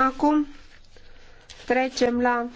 Acum trecem la